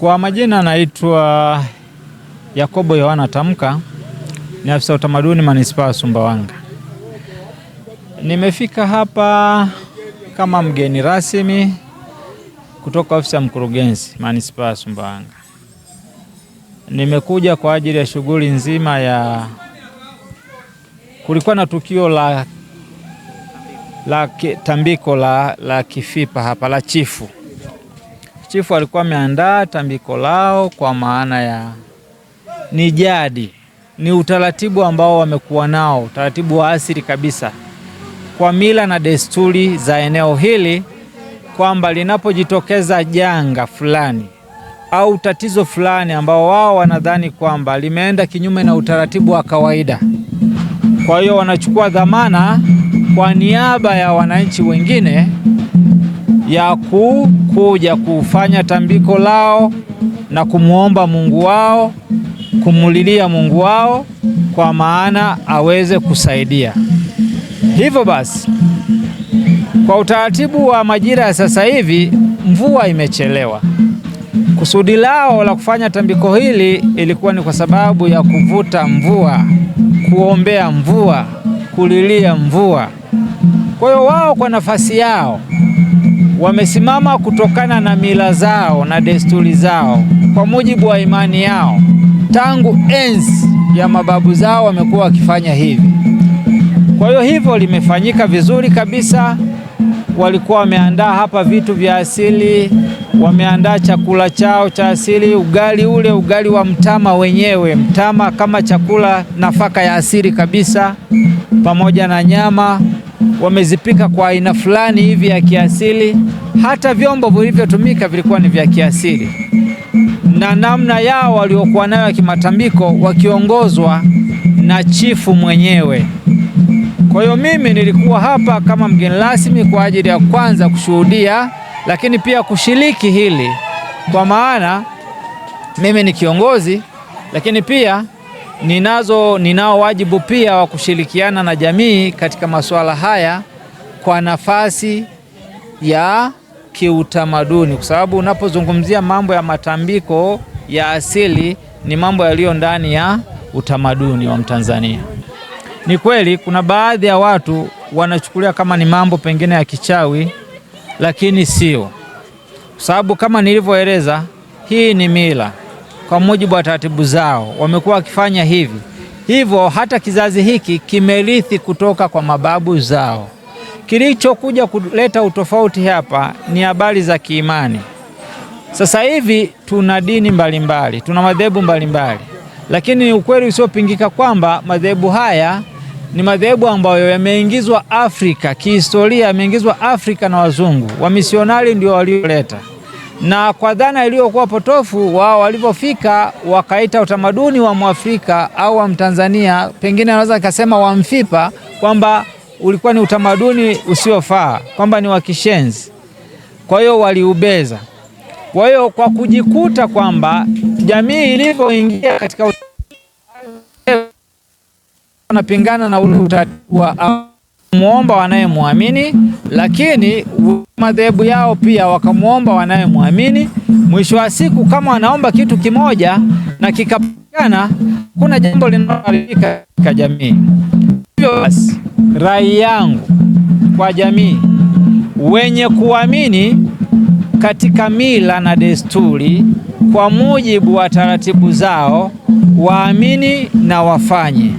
Kwa majina anaitwa Yakobo Yohana Tamka, ni afisa utamaduni manispaa ya Sumbawanga. Nimefika hapa kama mgeni rasmi kutoka ofisi ya mkurugenzi manispaa ya Sumbawanga. Nimekuja kwa ajili ya shughuli nzima ya, kulikuwa na tukio la, la tambiko la, la kifipa hapa la chifu chifu alikuwa ameandaa tambiko lao kwa maana ya ni jadi, ni utaratibu ambao wamekuwa nao, utaratibu wa asili kabisa kwa mila na desturi za eneo hili, kwamba linapojitokeza janga fulani au tatizo fulani ambao wao wanadhani kwamba limeenda kinyume na utaratibu wa kawaida, kwa hiyo wanachukua dhamana kwa niaba ya wananchi wengine ya kukuja kufanya tambiko lao na kumwomba Mungu wao, kumulilia Mungu wao, kwa maana aweze kusaidia. Hivyo basi, kwa utaratibu wa majira ya sasa hivi, mvua imechelewa. Kusudi lao la kufanya tambiko hili ilikuwa ni kwa sababu ya kuvuta mvua, kuombea mvua, kulilia mvua. Kwa hiyo wao kwa nafasi yao wamesimama kutokana na mila zao na desturi zao kwa mujibu wa imani yao. Tangu enzi ya mababu zao wamekuwa wakifanya hivi. Kwa hiyo hivyo limefanyika vizuri kabisa. Walikuwa wameandaa hapa vitu vya asili, wameandaa chakula chao cha asili, ugali ule, ugali wa mtama wenyewe, mtama kama chakula, nafaka ya asili kabisa, pamoja na nyama wamezipika kwa aina fulani hivi ya kiasili. Hata vyombo vilivyotumika vilikuwa ni vya kiasili na namna yao waliokuwa nayo ya kimatambiko, wakiongozwa na chifu mwenyewe. Kwa hiyo mimi nilikuwa hapa kama mgeni rasmi kwa ajili ya kwanza kushuhudia, lakini pia kushiriki hili, kwa maana mimi ni kiongozi, lakini pia ninazo ninao wajibu pia wa kushirikiana na jamii katika masuala haya kwa nafasi ya kiutamaduni, kwa sababu unapozungumzia mambo ya matambiko ya asili ni mambo yaliyo ndani ya utamaduni wa Mtanzania. Ni kweli kuna baadhi ya watu wanachukulia kama ni mambo pengine ya kichawi, lakini sio, kwa sababu kama nilivyoeleza, hii ni mila kwa mujibu wa taratibu zao, wamekuwa wakifanya hivi hivyo. Hata kizazi hiki kimerithi kutoka kwa mababu zao. Kilichokuja kuleta utofauti hapa ni habari za kiimani. Sasa hivi tuna dini mbalimbali, tuna madhehebu mbalimbali, lakini ni ukweli usiopingika kwamba madhehebu haya ni madhehebu ambayo yameingizwa Afrika kihistoria, yameingizwa Afrika na wazungu. Wamisionari ndio walioleta na kwa dhana iliyokuwa potofu, wao walivyofika wakaita utamaduni wa Mwafrika au wa Mtanzania, pengine anaweza akasema wa Mfipa, kwamba ulikuwa ni utamaduni usiofaa, kwamba ni wa kishenzi. Kwa hiyo waliubeza. Kwa hiyo kwa kujikuta kwamba jamii ilivyoingia katika wanapingana na ule utaratibu wa muomba wanayemwamini, lakini madhehebu yao pia wakamwomba wanayemwamini. Mwisho wa siku, kama wanaomba kitu kimoja na kikapatikana, kuna jambo linaloharibika katika jamii. Hivyo basi, rai yangu kwa jamii, wenye kuamini katika mila na desturi kwa mujibu wa taratibu zao, waamini na wafanye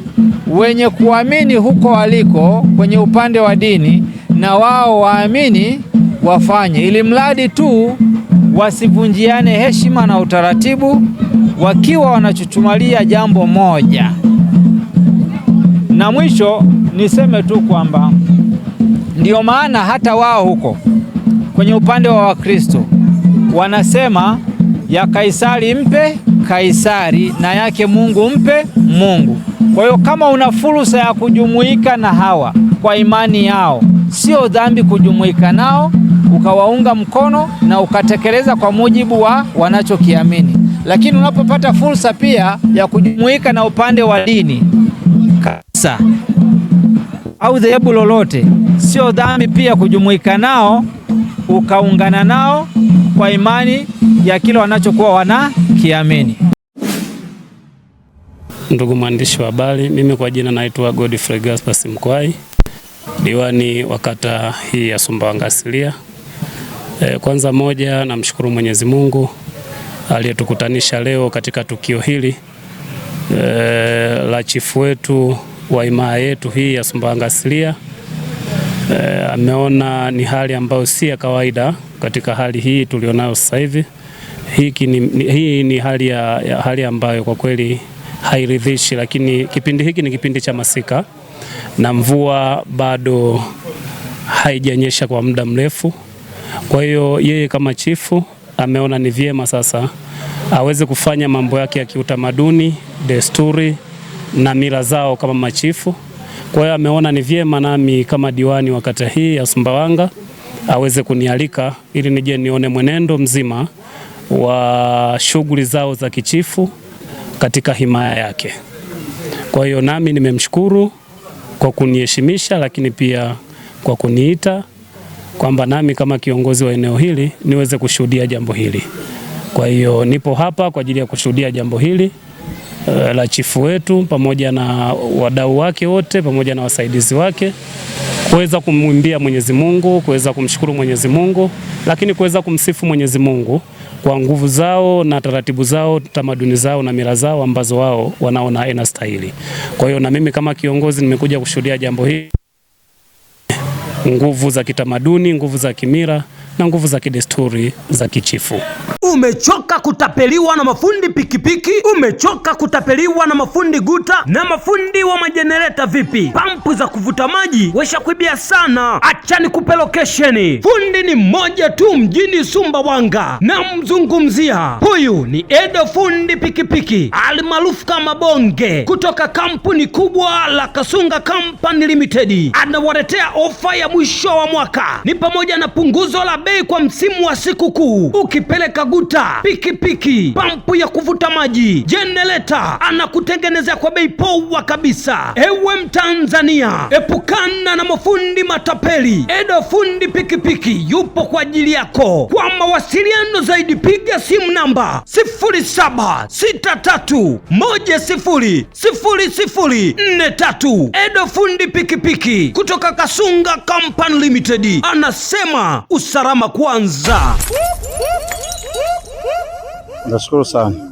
wenye kuamini huko waliko kwenye upande wa dini, na wao waamini wafanye, ili mradi tu wasivunjiane heshima na utaratibu, wakiwa wanachuchumalia jambo moja. Na mwisho niseme tu kwamba ndiyo maana hata wao huko kwenye upande wa Wakristo wanasema ya Kaisari mpe Kaisari na yake Mungu mpe Mungu. Kwa hiyo kama una fursa ya kujumuika na hawa kwa imani yao, sio dhambi kujumuika nao ukawaunga mkono na ukatekeleza kwa mujibu wa wanachokiamini. Lakini unapopata fursa pia ya kujumuika na upande wa dini kabisa au dhehebu lolote, sio dhambi pia kujumuika nao ukaungana nao kwa imani ya kile wanachokuwa wanakiamini. Ndugu mwandishi wa habari, mimi kwa jina naitwa Godfrey Gaspas Mkwai, diwani wa kata hii ya Sumbawanga Asilia. E, kwanza moja, namshukuru Mwenyezi Mungu aliyetukutanisha leo katika tukio hili e, la chifu wetu wa imaa yetu hii ya Sumbawanga Asilia. E, ameona ni hali ambayo si ya kawaida katika hali hii tulionayo sasa hivi. Hii ni, hii ni hali, ya, ya hali ambayo kwa kweli hairidhishi, lakini kipindi hiki ni kipindi cha masika na mvua bado haijanyesha kwa muda mrefu. Kwa hiyo yeye kama chifu ameona ni vyema sasa aweze kufanya mambo yake ya kiutamaduni, desturi na mila zao kama machifu. Kwa hiyo ameona ni vyema nami kama diwani wa kata hii ya Sumbawanga aweze kunialika ili nije nione mwenendo mzima wa shughuli zao za kichifu katika himaya yake. Kwa hiyo nami nimemshukuru kwa kuniheshimisha, lakini pia kwa kuniita kwamba nami kama kiongozi wa eneo hili niweze kushuhudia jambo hili. Kwa hiyo nipo hapa kwa ajili ya kushuhudia jambo hili eh, la chifu wetu pamoja na wadau wake wote pamoja na wasaidizi wake kuweza kumwimbia Mwenyezi Mungu, kuweza kumshukuru Mwenyezi Mungu, lakini kuweza kumsifu Mwenyezi Mungu kwa nguvu zao na taratibu zao, tamaduni zao na mila zao ambazo wao wanaona inastahili. Kwa hiyo na mimi kama kiongozi nimekuja kushuhudia jambo hili, nguvu za kitamaduni, nguvu za kimila na nguvu za kidesturi za kichifu umechoka kutapeliwa na mafundi pikipiki? Umechoka kutapeliwa na mafundi guta na mafundi wa majenereta? Vipi pampu za kuvuta maji weshakuibia sana? Acha nikupe location, Fundi ni mmoja tu mjini Sumbawanga, namzungumzia huyu ni Edo fundi pikipiki almaarufu kama Bonge kutoka kampuni kubwa la Kasunga Company Limited. Anawaletea ofa ya mwisho wa mwaka, ni pamoja na punguzo la bei kwa msimu wa sikukuu. Ukipeleka mafuta, pikipiki, pampu ya kuvuta maji, jenereta, anakutengenezea kwa bei poa kabisa. Ewe Mtanzania, epukana na mafundi matapeli. Edo Fundi Pikipiki yupo kwa ajili yako. Kwa mawasiliano zaidi, piga simu namba 0763100043. Edo Fundi Pikipiki kutoka Kasunga Company Limited anasema usalama kwanza. Nashukuru sana.